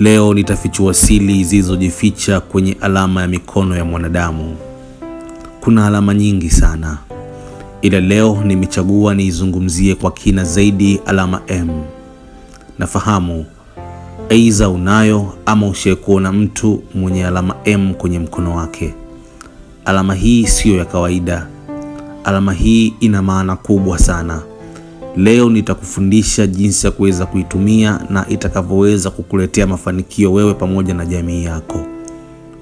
Leo nitafichua siri zilizojificha kwenye alama ya mikono ya mwanadamu. Kuna alama nyingi sana, ila leo nimechagua niizungumzie kwa kina zaidi alama M. Nafahamu aidha unayo ama ushaikuona mtu mwenye alama M kwenye mkono wake. Alama hii siyo ya kawaida. Alama hii ina maana kubwa sana. Leo nitakufundisha jinsi ya kuweza kuitumia na itakavyoweza kukuletea mafanikio wewe pamoja na jamii yako.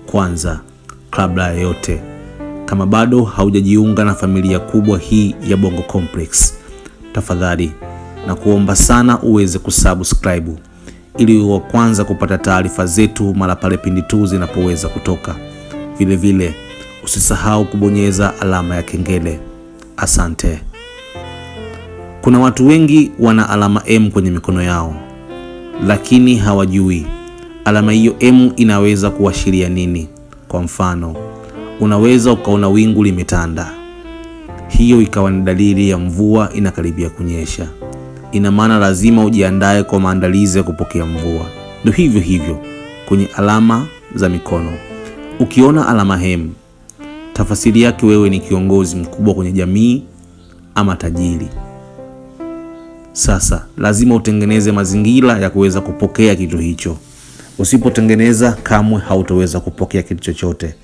Kwanza, kabla ya yote, kama bado haujajiunga na familia kubwa hii ya Bongo Complex, tafadhali na kuomba sana uweze kusubscribe ili wa kwanza kupata taarifa zetu mara pale pindi tu zinapoweza kutoka. Vilevile vile, usisahau kubonyeza alama ya kengele. Asante. Kuna watu wengi wana alama M kwenye mikono yao, lakini hawajui alama hiyo M inaweza kuashiria nini. Kwa mfano, unaweza ukaona wingu limetanda, hiyo ikawa ni dalili ya mvua inakaribia kunyesha. Ina maana lazima ujiandae kwa maandalizi ya kupokea mvua. Ndo hivyo hivyo kwenye alama za mikono. Ukiona alama M, tafasiri yake wewe ni kiongozi mkubwa kwenye jamii ama tajiri. Sasa lazima utengeneze mazingira ya kuweza kupokea kitu hicho. Usipotengeneza kamwe hautaweza kupokea kitu chochote,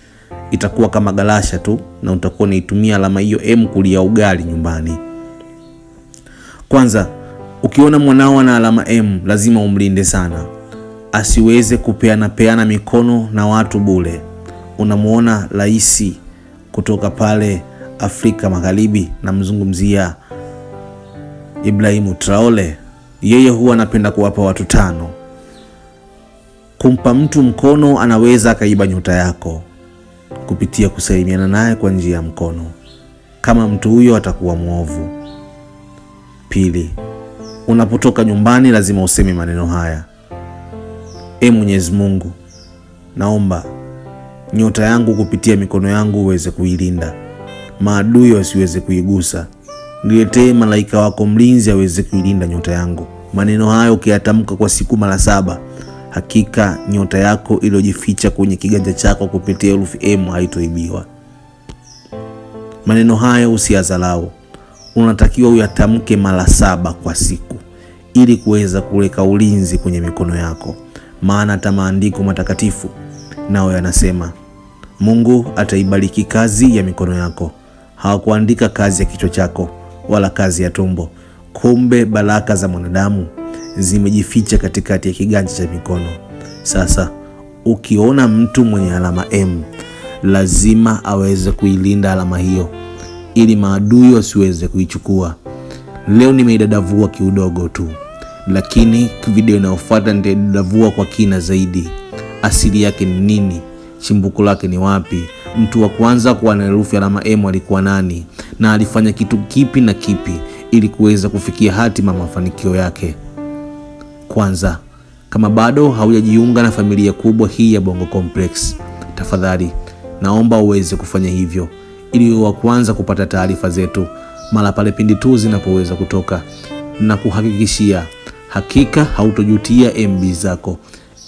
itakuwa kama galasha tu, na utakuwa unaitumia alama hiyo M kulia ugali nyumbani. Kwanza, ukiona mwanao ana alama M lazima umlinde sana, asiweze kupeana peana mikono na watu bure. Unamwona rais kutoka pale Afrika Magharibi, namzungumzia Ibrahimu Traore, yeye huwa anapenda kuwapa watu tano. Kumpa mtu mkono, anaweza akaiba nyota yako kupitia kusalimiana naye kwa njia ya mkono, kama mtu huyo atakuwa mwovu. Pili, unapotoka nyumbani lazima useme maneno haya: E Mwenyezi Mungu, naomba nyota yangu kupitia mikono yangu uweze kuilinda, maadui wasiweze kuigusa niletee malaika wako mlinzi aweze kuilinda nyota yangu. Maneno hayo ukiyatamka kwa siku mara saba, hakika nyota yako iliyojificha kwenye kiganja chako kupitia herufi M haitoibiwa. Maneno hayo usiyadharau, unatakiwa uyatamke mara saba kwa siku ili kuweza kuweka ulinzi kwenye mikono yako, maana hata maandiko matakatifu nayo yanasema Mungu ataibariki kazi ya mikono yako, hawakuandika kazi ya kichwa chako wala kazi ya tumbo. Kumbe baraka za mwanadamu zimejificha katikati ya kiganja cha mikono. Sasa ukiona mtu mwenye alama M, lazima aweze kuilinda alama hiyo ili maadui wasiweze kuichukua Leo nimeidadavua kiudogo tu, lakini video inayofuata nitaidadavua kwa kina zaidi. Asili yake ni nini? Chimbuko lake ni wapi? mtu wa kwanza kuwa na herufi alama M alikuwa nani na alifanya kitu kipi na kipi ili kuweza kufikia hatima mafanikio yake. Kwanza, kama bado haujajiunga na familia kubwa hii ya Bongo Complex, tafadhali naomba uweze kufanya hivyo ili wa kwanza kupata taarifa zetu mara pale pindi tu zinapoweza kutoka, na kuhakikishia hakika hautojutia MB zako,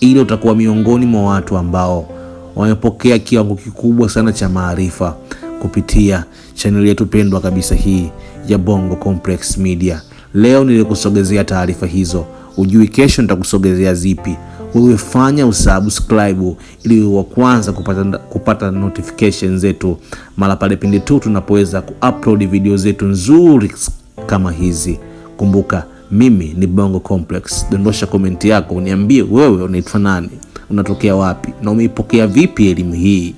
ili utakuwa miongoni mwa watu ambao wamepokea kiwango kikubwa sana cha maarifa kupitia chaneli yetu pendwa kabisa hii ya Bongo Complex Media. Leo nilikusogezea taarifa hizo, ujui kesho nitakusogezea zipi. fanya usubscribe ili wa kwanza kupata, kupata notification zetu mara pale pindi tu tunapoweza kuupload video zetu nzuri kama hizi. Kumbuka mimi ni Bongo Complex. Dondosha komenti yako, uniambie wewe unaitwa nani? unatokea wapi na umeipokea vipi elimu hii.